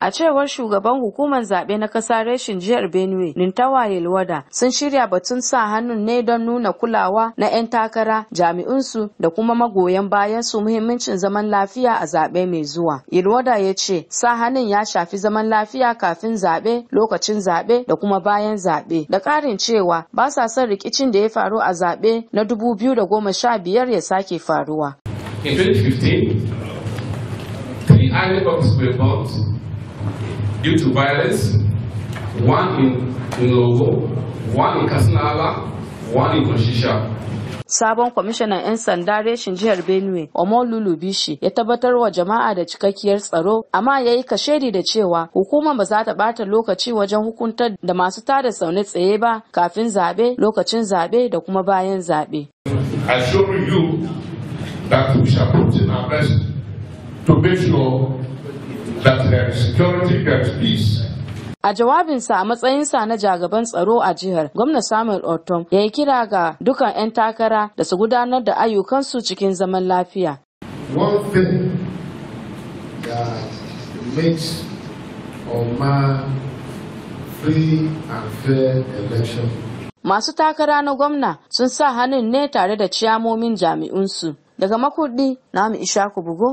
A cewar shugaban hukumar zaɓe na ƙasa reshin jihar Benue, Nintawa Yelwada, sun shirya batun sa hannun ne don nuna kulawa na 'yan takara, jami'unsu da kuma magoyan bayan su muhimmancin zaman lafiya a zaɓe mai zuwa. Yelwada ya ce, sa hannun ya shafi zaman lafiya kafin zaɓe, lokacin zaɓe da kuma bayan zaɓe. Da ƙarin cewa, ba sa son rikicin da ya faru a zaɓe na 2015 ya sake faruwa. In 2015, three sake faruwa due to violence, one in, in Logo, one in Kasnala, one in Konshisha. sabon kwamishinan 'yan sanda reshin jihar benue omolulu bishi ya tabbatar wa jama'a da cikakkiyar tsaro amma ya yi kashedi da cewa hukuma ba za ta bata lokaci wajen hukuntar da masu tada saune tsaye ba kafin zabe lokacin zabe da kuma bayan zabe to make sure that have security, have peace. A jawabinsa a matsayinsa na jagaban tsaro a jihar, gwamna Samuel otom ya yi kira ga dukan 'yan takara da su gudanar da ayyukansu cikin zaman lafiya. Masu takara na gwamna sun sa hannun ne tare da ciyamomin jami'unsu. Daga makudi, Nami Ishaku Bugo,